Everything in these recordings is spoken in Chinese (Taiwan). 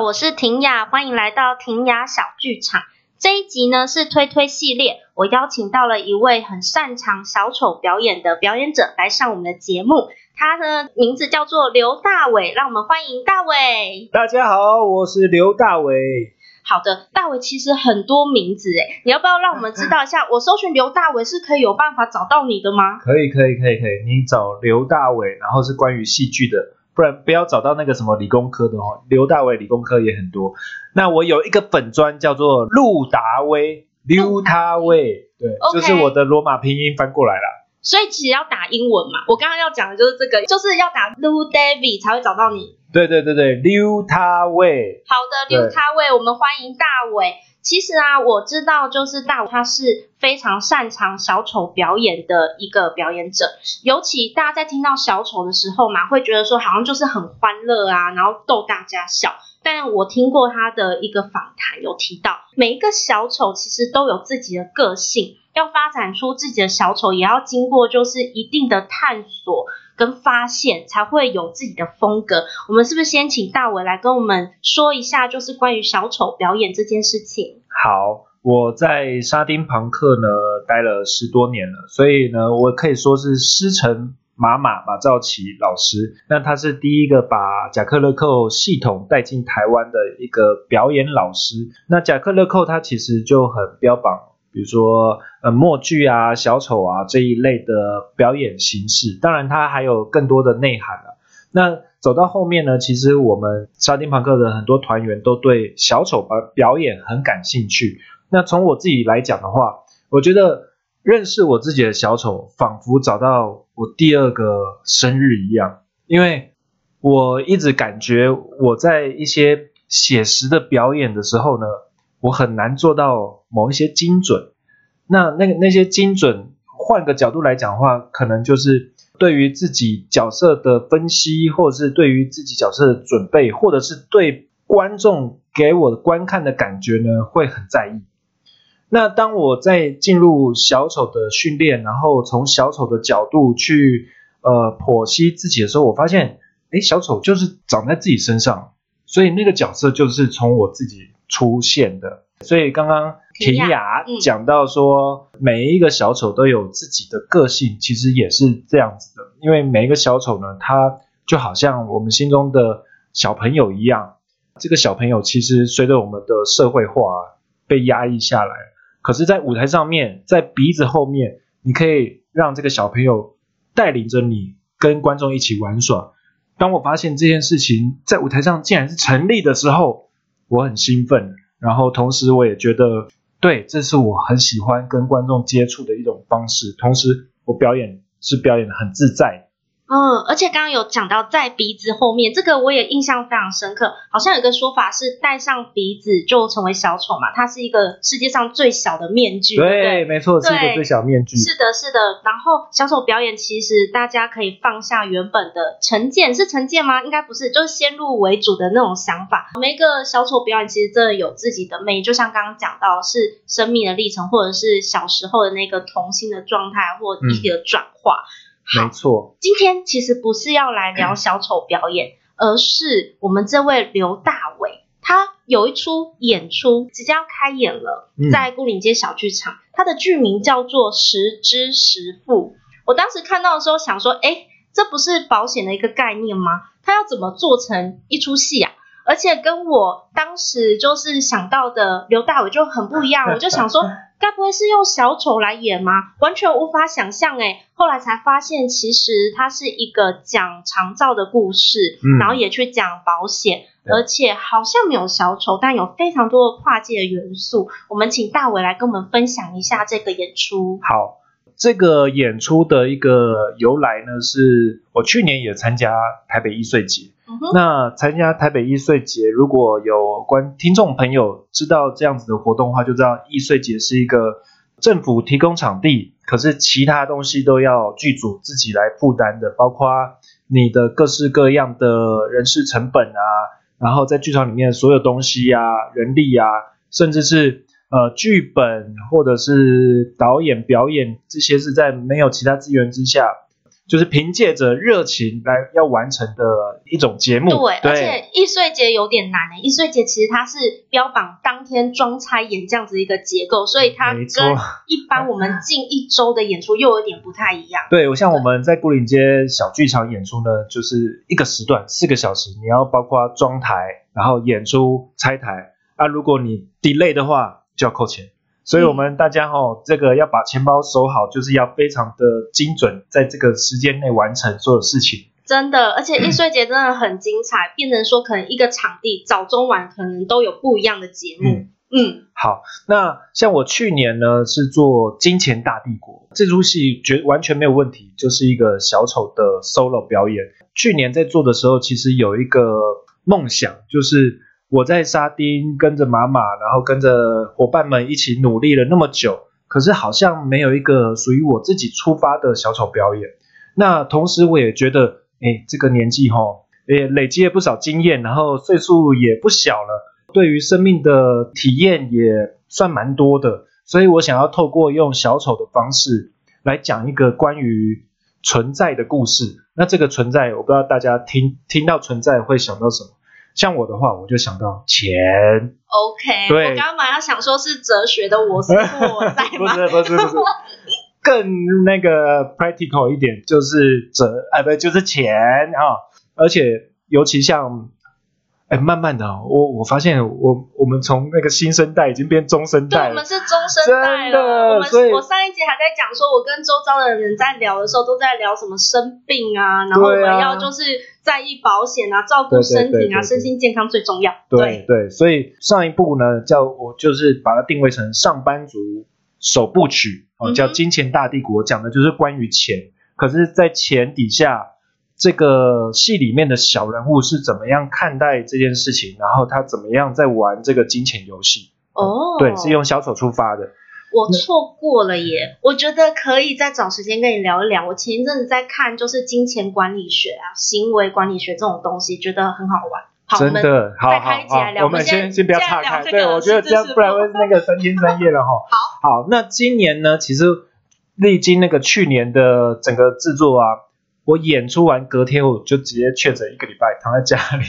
我是庭雅，歡迎來到庭雅小聚場。這一集呢，是推推系列，我邀請到了一位很擅長小丑表演的表演者來上我們的節目。他的名字叫做劉大瑋，讓我們歡迎大瑋。大家好，我是劉大瑋。好的，大瑋其實很多名字誒，你要不要讓我們知道一下嗯嗯。我搜尋劉大瑋是可以有辦法找到你的嗎？可以可以可以可以，你找劉大瑋，然後是關於戲劇的。不然不要找到那個什麼理工科的哦，劉大瑋理工科也很多。那我有一個粉專叫做陸達威，Liu Ta Wei 對，okay. 就是我的羅馬拼音翻過來了。所以其實要打英文嘛，我剛剛要講的就是這個，就是要打 Liu David 才會找到你。對對對對，Liu Ta Wei。好的，Liu Ta Wei，我們歡迎大瑋。其實啊，我知道，就是大瑋，他是非常擅長小丑表演的一個表演者。尤其大家在聽到小丑的時候嘛，會覺得說好像就是很歡樂啊，然後逗大家笑。但我聽過他的一個訪談，有提到每一個小丑其實都有自己的個性，要發展出自己的小丑，也要經過就是一定的探索，跟發現才會有自己的風格。我們是不是先請大瑋來跟我們說一下，就是關於小丑表演這件事情？好，我在沙丁龐客呢待了十多年了，所以呢，我可以說是師承馬馬馬照琪老師。那他是第一個把賈克勒寇系統帶進台灣的一個表演老師。那賈克勒寇他其實就很標榜。比如說，呃，默劇啊、小丑啊這一類的表演形式，當然它還有更多的內涵了、啊。那走到後面呢，其實我們沙丁龐客的很多團員都對小丑啊表演很感興趣。那從我自己來講的話，我覺得認識我自己的小丑，仿佛找到我第二個生日一樣，因為我一直感覺我在一些寫實的表演的時候呢。我很難做到某一些精準，那那那些精準，換個角度來講的話，可能就是對於自己角色的分析，或者是對於自己角色的準備，或者是對觀眾給我的觀看的感覺呢，會很在意。那當我在進入小丑的訓練，然後從小丑的角度去呃剖析自己的時候，我發現，誒，小丑就是長在自己身上，所以那個角色就是從我自己。出現的，所以剛剛庭雅講到說，嗯，每一個小丑都有自己的個性，其實也是這樣子的。因為每一個小丑呢，他就好像我們心中的小朋友一樣。這個小朋友其實隨着我們的社會化，啊、被壓抑下來，可是，在舞台上面，在鼻子後面，你可以讓這個小朋友帶領着你跟觀眾一起玩耍。當我發現這件事情在舞台上竟然是成立的時候。我很興奮，然後同時我也覺得，對，這是我很喜歡跟觀眾接觸的一種方式。同時，我表演是表演得很自在。嗯，而且剛剛有講到在鼻子後面，這個我也印象非常深刻。好像有一個說法是戴上鼻子就成為小丑嘛，它是一個世界上最小的面具。對，對沒錯對，是一個最小面具。是的，是的。然後小丑表演其實大家可以放下原本的成見，是成見嗎？應該不是，就是先入為主的那種想法。每一個小丑表演其實真的有自己的魅力，就像剛剛講到是生命的歷程，或者是小時候的那個童心的狀態或者一體的轉化。嗯沒、啊、錯，今天其實不是要來聊小丑表演，嗯、而是我們這位劉大瑋，他有一出演出即將要開演了，在牯嶺街小劇場、嗯，他的劇名叫做《實支實付》，我當時看到的時候想說，哎、欸，這不是保險的一個概念嗎？他要怎麼做成一出戲啊？而且跟我當時就是想到的劉大瑋就很不一樣，啊、我就想說。啊嗯該不會是用小丑來演嗎？完全無法想象哎、欸！後來才發現，其實它是一個講長照的故事，嗯、然後也去講保險、嗯，而且好像沒有小丑，但有非常多的跨界的元素。我們請大瑋來跟我們分享一下這個演出。好。這個演出的一個由來呢，是我去年也參加台北藝穗節。Uh -huh. 那參加台北藝穗節，如果有觀聽眾朋友知道這樣子的活動的話，就知道藝穗節是一個政府提供場地，可是其他東西都要劇組自己來負擔的，包括你的各式各樣的人事成本啊，然後在劇場裡面所有東西啊、人力啊，甚至是。呃，劇本或者是導演、表演這些是在沒有其他資源之下，就是憑借着熱情來要完成的一種節目。對，對而且藝穗節有點難誒、欸。藝穗節其實它是標榜當天裝拆演這樣子一個結構，所以它跟一般我們近一周的演出又有點不太一樣。對，對，我像我們在牯嶺街小劇場演出呢，就是一個時段四個小時，你要包括裝台，然後演出、拆台。那、啊、如果你 delay 的話，就要扣錢，所以我們大家哈、哦嗯，這個要把錢包收好，就是要非常的精準，在這個時間內完成所有事情。真的，而且藝穗節真的很精彩、嗯，變成說可能一個場地早中晚可能都有不一樣的節目嗯。嗯，好，那像我去年呢是做《金錢大帝國》這出戲，覺完全沒有問題，就是一個小丑的 solo 表演。去年在做的時候，其實有一個夢想就是。我在沙丁跟着媽媽，然後跟着夥伴們一起努力了那麼久，可是好像沒有一個屬於我自己出發的小丑表演。那同時我也覺得，哎，這個年紀哈、哦，也累積了不少經驗，然後歲數也不小了，對於生命的體驗也算蠻多的。所以我想要透過用小丑的方式來講一個關於存在的故事。那這個存在，我不知道大家聽聽到存在會想到什麼？像我的話，我就想到錢。OK，我剛剛馬上想說是哲學的我是我在嗎？不是不是不是，不是不是，更那個 practical 一點，就是哲啊不就是錢啊、哦，而且尤其像。哎，慢慢的，我我發現我我們從那個新生代已經變中生代了，對，我們是中生代了。真的，我們是，我上一集還在講說，我跟周遭的人在聊的時候，都在聊什麼生病啊，啊然後我們要就是在意保險啊，照顧身體啊，對對對對對身心健康最重要。對對，對，對，所以上一部呢，叫我就是把它定位成上班族首部曲、嗯、叫《金錢大帝國》，講的就是關於錢，可是，在錢底下。這個戲裡面的小人物是怎麼樣看待這件事情？然後他怎麼樣在玩這個金錢遊戲？哦、oh, 嗯，對，是用小丑出發的。我錯過了耶！我覺得可以再找時間跟你聊一聊。我前一陣子在看，就是金錢管理學啊、行為管理學這種東西，覺得很好玩。好真的，好好好。我們，我們先先不要岔開，對，對，我覺得這樣不然會 那個三天三夜了哈、哦。 好，好。那今年呢？其實歷經那個去年的整個製作啊，我演出完隔天我就直接確診，一個禮拜躺在家裡。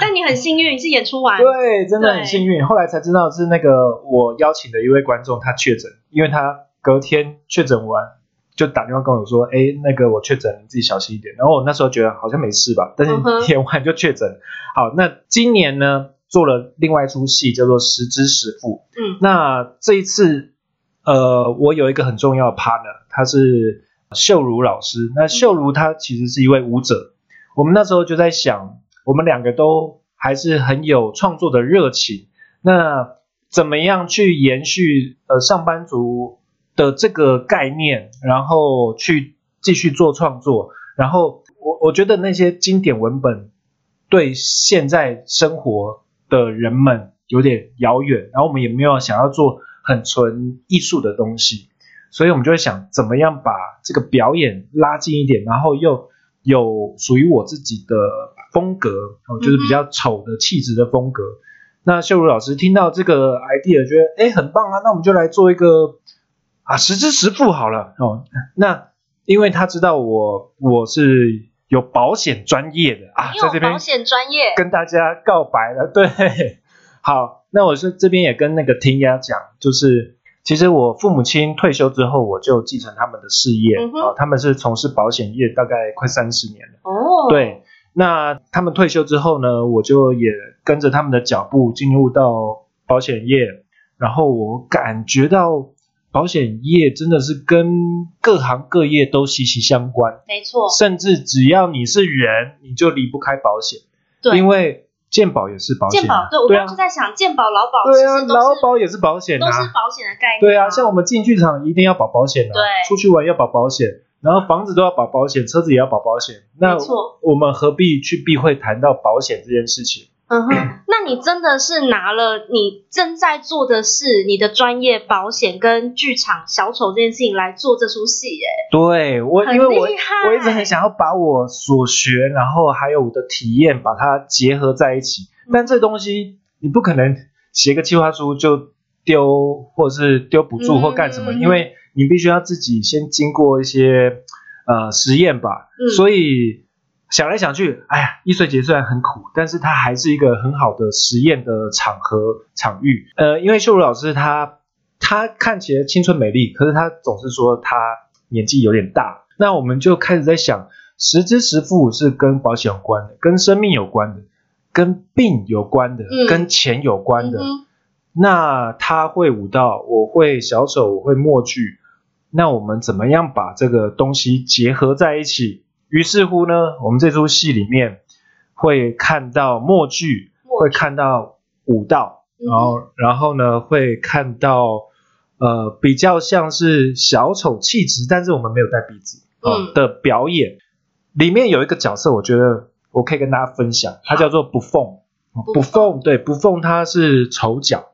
但你很幸運， 你是演出完。對，真的很幸運。後來才知道是那個我邀請的一位觀眾他確診，因為他隔天確診完就打電話跟我說：“哎，那個我確診，你自己小心一點。”然後我那時候覺得好像沒事吧，但是演完就確診。Uh -huh. 好，那今年呢，做了另外一出戲叫做《實支實付》。嗯，那這一次呃，我有一個很重要的 partner，他是。秀如老師，那秀如她其實是一位舞者。我們那時候就在想，我們兩個都還是很有創作的熱情。那怎麼樣去延續呃上班族的這個概念，然後去繼續做創作。然後我我覺得那些經典文本對現在生活的人們有點遙遠，然後我們也沒有想要做很純藝術的東西。所以，我們就會想怎麼樣把這個表演拉近一點，然後又有屬於我自己的風格，哦，就是比較丑的氣質的風格。嗯嗯。那秀如老師聽到這個 idea，覺得哎很棒啊，那我們就來做一個啊實支實付好了哦。那因為他知道我我是有保險專業的啊，在這邊險專業跟大家告白了，對，好，那我是這邊也跟那個庭雅講，就是。其實我父母親退休之後，我就繼承他們的事業、嗯、啊。他們是從事保險業大概快三十年了。哦，對，那他們退休之後呢，我就也跟着他們的腳步進入到保險業。然後我感覺到保險業真的是跟各行各業都息息相關。沒錯，甚至只要你是人，你就離不開保險。對，因為。健保也是保險、啊，對，我們就在想，啊、健保、勞保是，對啊，勞保也是保險、啊，都是保險的概念、啊，對啊，像我們進劇場一定要保保險的、啊，對，出去玩要保保險，然後房子都要保保險，車子也要保保險，那錯，我們何必去避諱談到保險這件事情？嗯、uh、哼 -huh, 那你真的是拿了你正在做的事，你的專業保險跟劇場小丑這件事情來做這出戲耶。對我，因為我我一直很想要把我所學，然後還有我的體驗，把它結合在一起、嗯。但這東西你不可能寫個計劃書就丟，或者是丟補助或幹什麼、嗯，因為你必須要自己先經過一些呃實驗吧。嗯、所以。想來想去，哎呀，藝穗節雖然很苦，但是它還是一個很好的實驗的場合場域。呃，因為秀茹老師她她看起來青春美麗，可是她總是說她年紀有點大。那我們就開始在想，實支實付是跟保險有關的、跟生命有關的、跟病有關的、跟錢有關的。嗯、那她會舞蹈，我會小丑，我會默劇。那我們怎麼樣把這個東西結合在一起？於是乎呢，我們這出戲裡面會看到默劇，會看到武道，然、嗯、後然後呢會看到呃比較像是小丑氣質，但是我們沒有帶鼻子啊、呃嗯、的表演。裡面有一個角色，我覺得我可以跟大家分享，啊、它叫做不鳳，不鳳，不鳳。對不鳳他是丑角，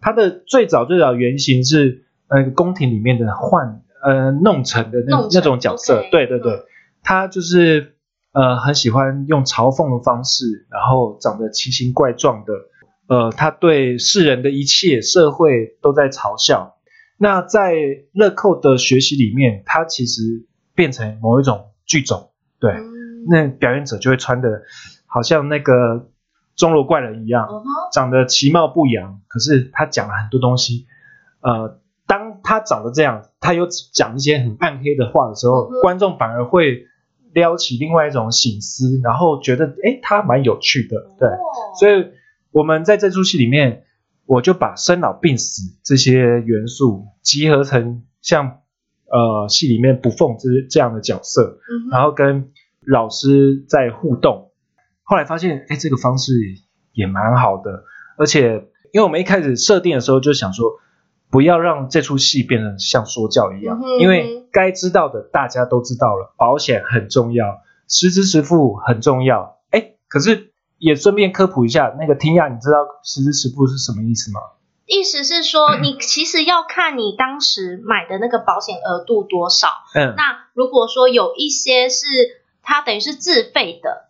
他的最早最早原型是個、呃、宮廷裡面的換，呃弄成的那成那，那種角色，對、okay. 對對。對對嗯他就是呃，很喜歡用嘲諷的方式，然後長得奇形怪狀的，呃，他對世人的一切社會都在嘲笑。那在樂寇的學習裡面，他其實變成某一種劇種，對，那表演者就會穿的，好像那個鐘樓怪人一樣，長得其貌不揚，可是他講了很多東西。呃，當他長得這樣，他又講一些很暗黑的話的時候，觀眾反而會。撩起另外一種省思，然後覺得哎，他蠻有趣的，對，哦、所以我們在這出戲裡面，我就把生老病死這些元素集合成像呃戲裡面 Buffoon 這樣的角色、嗯，然後跟老師在互動，後來發現哎，這個方式也蠻好的，而且因為我們一開始設定的時候就想說。不要讓這齣戲變得像說教一樣、嗯，因為該知道的大家都知道了，保險很重要，實支實付很重要。哎，可是也順便科普一下，那個庭雅，你知道實支實付是什麼意思嗎？意思是說、嗯，你其實要看你當時買的那個保險額度多少。嗯，那如果說有一些是它等於是自費的。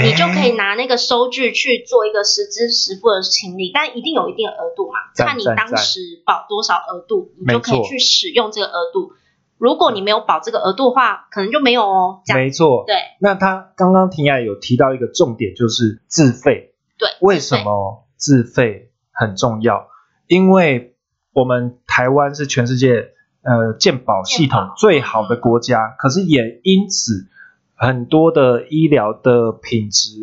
你就可以拿那個收據去做一個實支實付的清理，但一定有一定的額度嘛？看你當時保多少額度，你就可以去使用這個額度。如果你沒有保這個額度的話，可能就沒有哦。沒錯，對。那他剛剛庭雅有提到一個重點，就是自費。對。為什麼自費很重要？因為我們台灣是全世界呃健保系統最好的國家，嗯、可是也因此。很多的醫療的品質，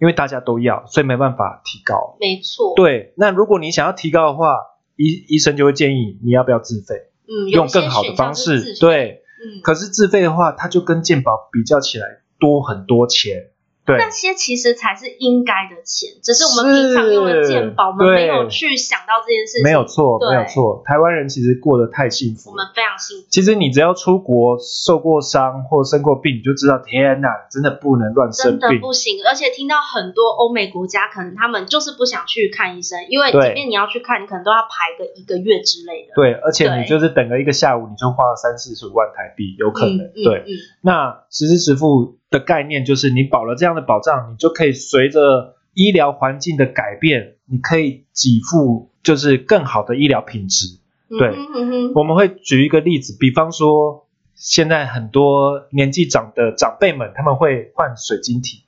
因為大家都要，所以沒辦法提高。沒錯。對，那如果你想要提高的話，醫醫生就會建議你要不要自費。嗯，用更好的方式。對。嗯。可是自費的話，它就跟健保比較起來多很多錢。對，那些其實才是應該的錢，只是我們平常用的健保，我們沒有去想到這件事情。對。沒有錯，沒有錯。台灣人其實過得太幸福，我們非常幸福。其實你只要出國受過傷或生過病，你就知道，天吶，真的不能亂生病，真的不行。而且聽到很多歐美國家，可能他們就是不想去看醫生，因為即便你要去看，你可能都要排個一個月之類的。對，而且你就是等了一個下午，你就花了三四十五萬台幣，有可能。嗯、對，嗯嗯、那，實支實付的概念就是，你保了這樣的保障，你就可以隨着醫療環境的改變，你可以給付就是更好的醫療品質。對，嗯嗯嗯嗯、我們會舉一個例子，比方說，現在很多年紀長的長輩們，他們會換水晶體，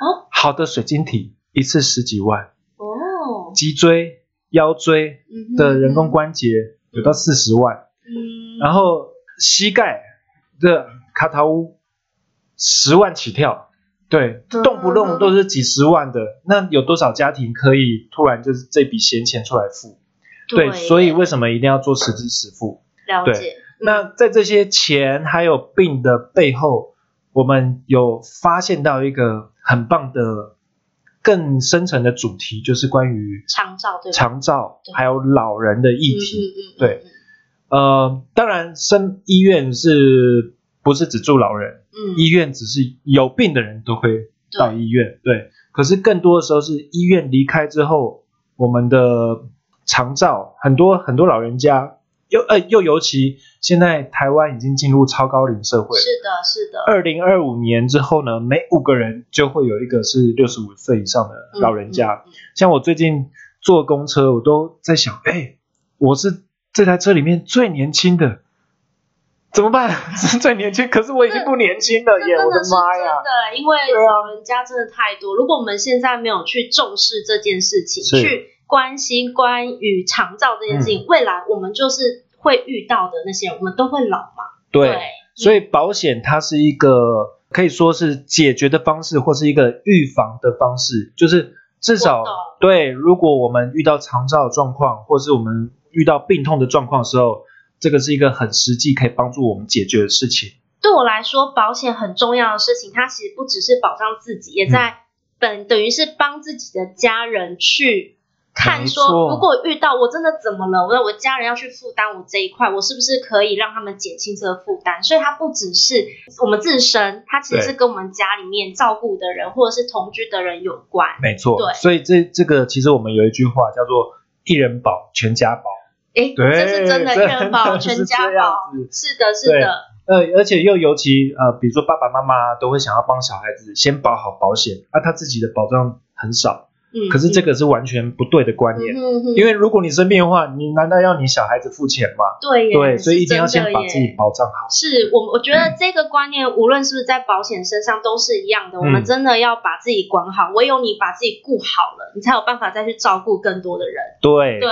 哦，好的水晶體一次十幾萬，哦，脊椎、腰椎的人工關節有到四十萬，嗯，然後膝蓋的卡塔烏。十萬起跳，對，動不動都是幾十萬的，嗯，那有多少家庭可以突然就是這筆閒錢出來付？對，對，所以為什麼一定要做實支實付？了解，嗯。那在這些錢還有病的背後，我們有發現到一個很棒的、更深層的主題，就是關於長照，長照還有老人的議題。嗯嗯嗯、對、嗯，呃，當然生醫院是。不是只住老人，嗯，醫院只是有病的人都會到醫院，對。對，可是更多的時候是醫院離開之後，我們的長照，很多很多老人家，又呃又尤其現在台灣已經進入超高齡社會，是的，是的。二零二五年之後呢，每五個人就會有一個是六十五歲以上的老人家，嗯。像我最近坐公車，我都在想，哎，我是這台車裡面最年輕的，怎麼辦？最年輕，可是我已經不年輕了耶！的我的媽呀！真的，因為老、啊、人家真的太多。如果我們現在沒有去重視這件事情，去關心關於長照這件事情，嗯，未來我們就是會遇到的那些我們都會老嘛。對、對，嗯，所以保險它是一個可以說是解決的方式，或是一個預防的方式，就是至少對，如果我們遇到長照的狀況，或是我們遇到病痛的狀況的時候。這個是一個很實際可以幫助我們解決的事情。對我來說，保險很重要的事情，它其實不只是保障自己，也在本等於是幫自己的家人去看說，如果遇到我真的怎麼了，我要我家人要去負擔我這一塊，我是不是可以讓他們減輕這個負擔？所以它不只是我們自身，它其實是跟我們家裡面照顧的人或者是同居的人有關。沒錯，對。所以這這個其實我們有一句話叫做“一人保全家保”。哎，對，這是真的，全保全家保，這是這樣子，是的，是的。呃，而且又尤其呃，比如說爸爸媽媽都會想要幫小孩子先保好保險，而、啊、他自己的保障很少。嗯，可是這個是完全不對的觀念，嗯、哼哼，因為如果你生病的話，你難道要你小孩子付錢嗎？對，對，所以一定要先把自己保障好。是，我我覺得這個觀念，嗯、無論是不是在保險身上都是一樣的。我們真的要把自己管好，唯、嗯、有你把自己顧好了，你才有辦法再去照顧更多的人。對，對，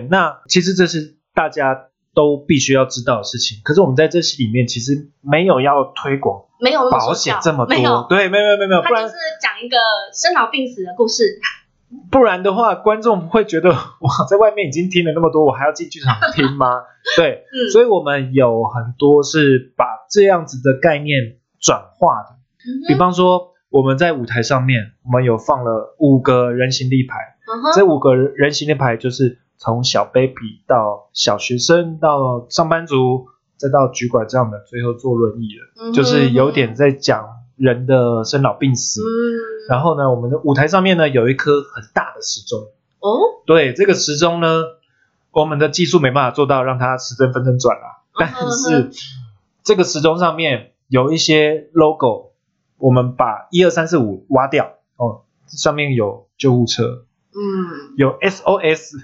對。那其實這是大家都必須要知道的事情。可是我們在這裡面其實沒有要推廣。沒有保險這麼多，對，沒有沒有沒有，不然就是講一個生老病死的故事。不然的話，觀眾會覺得我在外面已經聽了那麼多，我還要進劇場聽嗎？ 對、嗯，所以，我們有很多是把這樣子的概念轉化的、嗯。比方說，我們在舞台上面，我們有放了五個人形立牌、嗯，這五個人形立牌就是從小 baby 到小學生到上班族。再到局管這樣的，最後坐輪椅了、嗯，就是有點在講人的生老病死、嗯。然後呢，我們的舞台上面呢，有一顆很大的時鐘。哦。對，這個時鐘呢，我們的技術沒辦法做到讓它時針分針轉啊。但是、嗯、這個時鐘上面有一些 logo，我們把一二三四五挖掉哦，上面有救護車，嗯，有 SOS，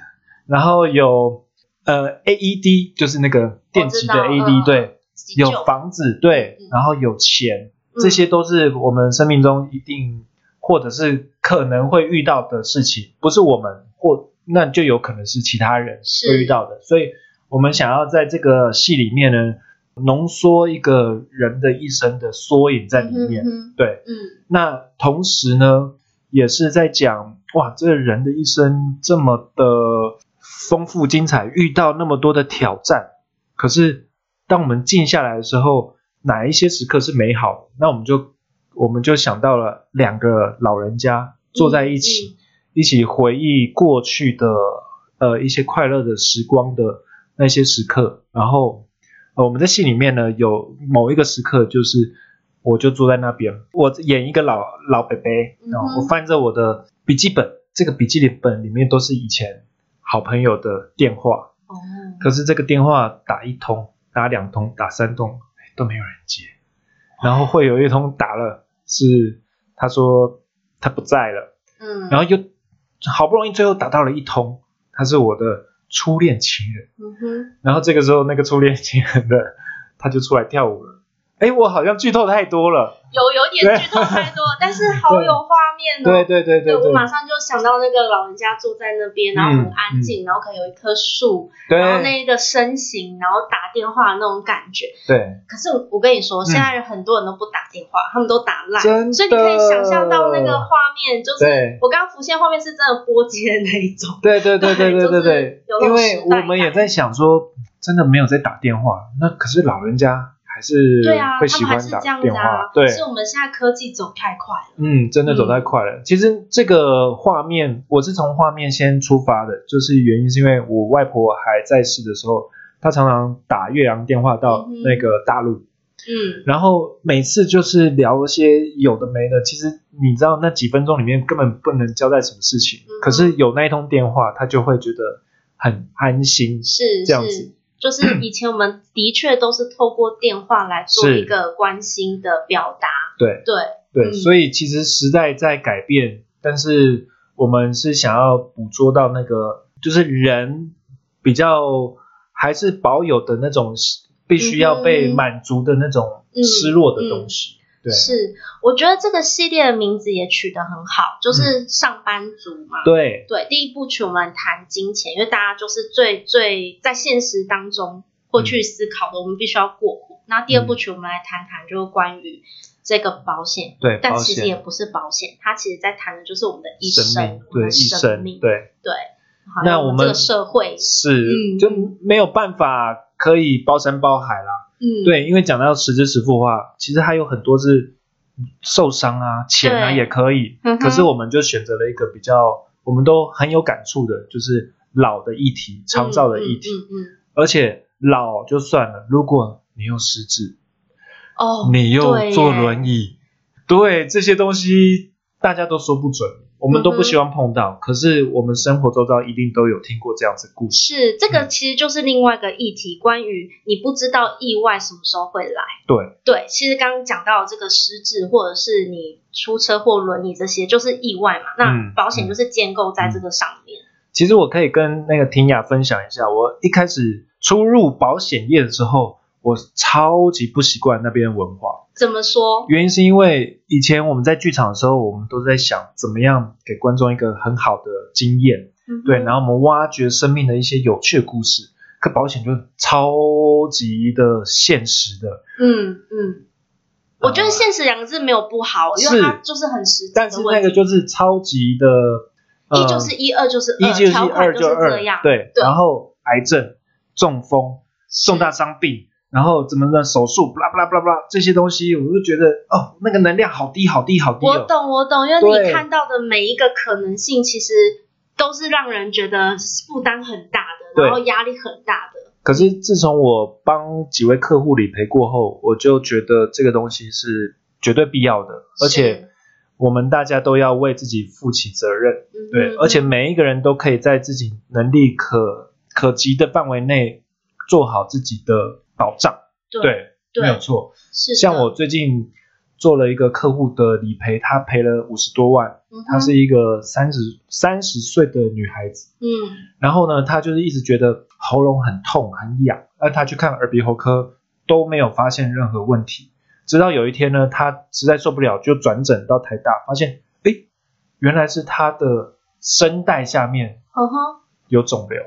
然後有。呃，AED 就是那個電擊的 AED，對，有房子，對，嗯、然後有錢、嗯，這些都是我們生命中一定或者是可能會遇到的事情，不是我們或那就有可能是其他人會遇到的，所以我們想要在這個戲裡面呢，濃縮一個人的一生的縮影在裡面，嗯、哼哼對、嗯，那同時呢，也是在講哇，這個人的一生這麼的。豐富精彩，遇到那麼多的挑戰，可是當我們靜下來的時候，哪一些時刻是美好，那我們就我們就想到了兩個老人家坐在一起，一起，一起回憶過去的呃一些快樂的時光的那些時刻。然後，呃，我們在戲裡面呢，有某一個時刻，就是我就坐在那邊，我演一個老老伯伯，然後我翻着我的筆記本，這個筆記本裡面都是以前。好朋友的電話、嗯，可是這個電話打一通、打兩通、打三通都沒有人接，然後會有一通打了，是他說他不在了，嗯、然後又，好不容易最後打到了一通，他是我的初戀情人，嗯、然後這個時候那個初戀情人的他就出來跳舞了，哎，我好像劇透太多了，有有點劇透太多， 但是好有話。對對對，對對對對，我馬上就想到那個老人家坐在那邊，然後很安靜，嗯嗯、然後可能有一棵樹，然後那個身形，然後打電話那種感覺。對，可是我跟你說，現在很多人都不打電話，嗯、他們都打 Line，所以你可以想象到那個畫面，就是我剛剛浮現畫面是真的撥接的那一種。對對對對對對對，對、就是有，因為我們也在想說，真的沒有在打電話，那可是老人家。還是，會喜歡打電話還是這樣子、啊、對，是，我們現在科技走太快了。嗯，真的走太快了，嗯。其實這個畫面，我是從畫面先出發的，就是原因是因為我外婆還在世的時候，她常常打越洋電話到那個大陸。嗯。嗯。然後每次就是聊一些有的沒的，其實你知道那幾分鐘裡面根本不能交代什麼事情，嗯，可是有那一通電話，她就會覺得很安心，是這樣子。就是以前我們的確都是透過電話來做一個關心的表達，對對、嗯、對，所以其實時代在改變，但是我們是想要捕捉到那個就是人比較還是保有的那種必須要被滿足的那種失落的東西。嗯嗯嗯。對是，我覺得這個系列的名字也取得很好，就是上班族嘛。嗯、對對，第一部曲我們來談金錢，因為大家就是最最在現實當中過去思考的、嗯，我們必須要過。那第二部曲我們來談談，就是關於這個保險、嗯，對，但其實也不是保險，保險它其實在談的就是我們的一生，對，我們的生命對，對，對。那我們這個社會是、嗯，就沒有辦法。可以包山包海啦，嗯，對，因為講到實支實付的話，其實還有很多是受傷啊、錢啊也可以、嗯，可是我們就選擇了一個比較我們都很有感觸的，就是老的議題、長照的議題，嗯嗯嗯，嗯，而且老就算了，如果你又失智。哦，你又坐輪椅，對，對這些東西大家都說不準。我們都不希望碰到，嗯，可是我們生活周遭一定都有聽過這樣子故事。是，這個其實就是另外一個議題，嗯、關於你不知道意外什麼時候會來。對對，其實剛剛講到這個失智或者是你出車禍、輪椅這些，就是意外嘛。嗯、那保險就是建構在這個上面，嗯嗯嗯。其實我可以跟那個婷雅分享一下，我一開始初入保險業的時候。我超級不習慣那邊文化，怎麼說？原因是因為以前我們在劇場的時候，我們都在想怎麼樣給觀眾一個很好的經驗，嗯、對。然後我們挖掘生命的一些有趣的故事，可保險就超級的現實的。嗯嗯，嗯，我覺得“現實”兩個字沒有不好，因為它就是很實在。但是那個就是超級的，呃、一就是一，二就是二一就是二就是二、就是、這樣、就是二對。對，然後癌症、中風、重大傷病。然後怎麼的手術，布拉布拉布拉布拉，這些東西我就覺得哦，那個能量好低好低好低。好低哦，我懂我懂，因為你看到的每一個可能性，其實都是讓人覺得負擔很大的，然後壓力很大的。可是自從我幫幾位客戶理賠過後，我就覺得這個東西是絕對必要的，而且我們大家都要為自己負起責任，對，嗯哼哼，而且每一個人都可以在自己能力可可及的範圍內做好自己的。保障，對，對，對，沒有錯。是像我最近做了一個客戶的理賠，他賠了五十多萬。嗯，他是一個三十三十歲的女孩子。嗯，然後呢，她就是一直覺得喉嚨很痛很癢，那她去看耳鼻喉科都沒有發現任何問題。直到有一天呢，她實在受不了，就轉診到台大，發現誒，原來是她的聲帶下面，有腫瘤。哦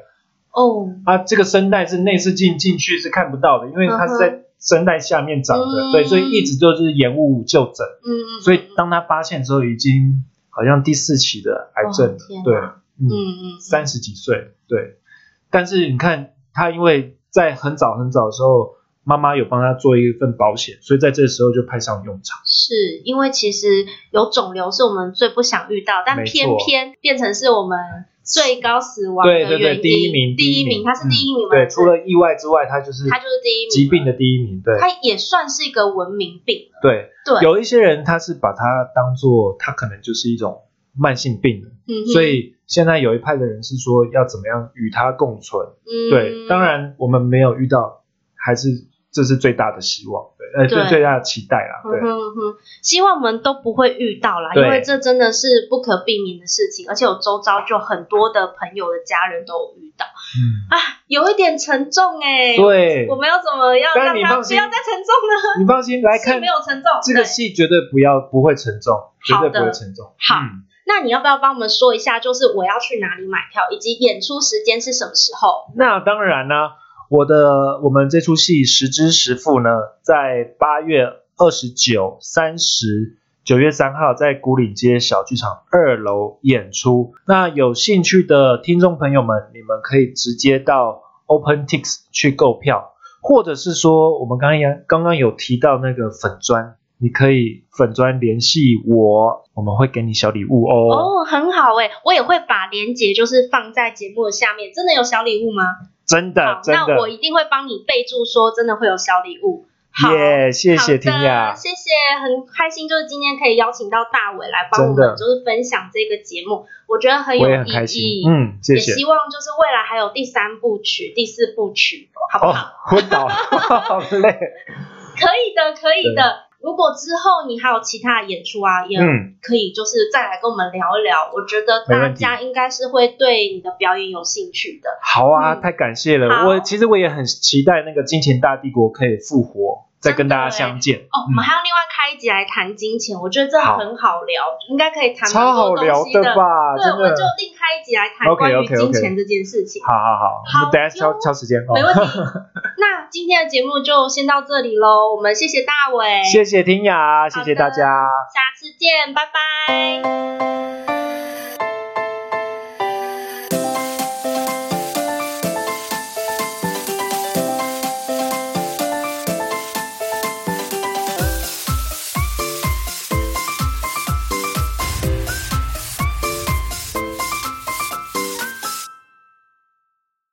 哦、oh, 啊，他這個聲帶是內視鏡進，進去是看不到的，因為它是在聲帶下面長的，uh -huh. 對，mm -hmm. 所以一直就是延誤，誤就診，嗯嗯，所以當他發現之後，已經好像第四期的癌症、oh, 對，嗯嗯，三十幾歲，mm -hmm.，對，mm -hmm. 但是你看他因為在很早很早的時候，媽媽有幫他做一份保險，所以在這時候就派上用場，是因為其實有腫瘤是我們最不想遇到，但偏偏變成是我們。最高死亡的原因，對對對，第，第一名，第一名，他是第一名嗎？嗯？對，除了意外之外，他就是他就是第一，疾病的第一名，對，他也算是一個文明病。對，對，有一些人他是把它當做，他可能就是一種慢性病的。嗯，所以現在有一派的人是說要怎麼樣與他共存。嗯，對，當然我們沒有遇到，還是。這是最大的希望，對，呃，最最大的期待啦，對。嗯哼，哼，希望我們都不會遇到啦，因為這真的是不可避免的事情，而且我周遭就很多的朋友的家人都有遇到，嗯，啊，有一點沉重哎、欸，對，我們要怎麼樣讓他不要再沉重呢？你放， 你放心，來看， 沒有沉重，這個戲絕對不要不會沉重，絕對不會沉重。好，嗯好，那你要不要幫我們說一下，就是我要去哪裡買票，以及演出時間是什麼時候？那當然呢、啊。我的我們這齣戲《實支實付》呢，在八月二十九、三十、九月三號在牯嶺街小劇場二樓演出。那有興趣的聽眾朋友們，你們可以直接到 OpenTix 去購票，或者是說我們剛剛剛剛有提到那個粉專，你可以粉專聯繫我，我們會給你小禮物哦。哦，很好哎，我也會把鏈接就是放在節目的下面。真的有小禮物嗎？真的，好真的，那我一定會幫你備註說，真的會有小禮物。好，yeah, 謝謝庭雅，謝謝，很開心，就是今天可以邀請到大瑋來幫我們，就是分享這個節目，我覺得很有意義。我也很開心，嗯，謝謝。也希望就是未來還有第三部曲、第四部曲，好不好？我、oh, 昏倒， 好累。可以的，可以的。如果之後你還有其他的演出啊，也可以就是再來跟我們聊一聊。嗯、我覺得大家應該是會對你的表演有興趣的。好啊、嗯，太感謝了。我其實我也很期待那個《金錢大帝國》可以復活。欸、再跟大家相見哦、嗯，我們還要另外開一集來談金錢，我覺得這很好聊，好應該可以談超好聊的吧？對，我們就另開一集來談關於金錢這件事情。Okay, okay, okay. 好好好，我們等一下敲、敲時間，沒問題。 那今天的節目就先到這裡嘍，我們謝謝大瑋，謝謝庭雅，謝謝大家，下次見，拜拜。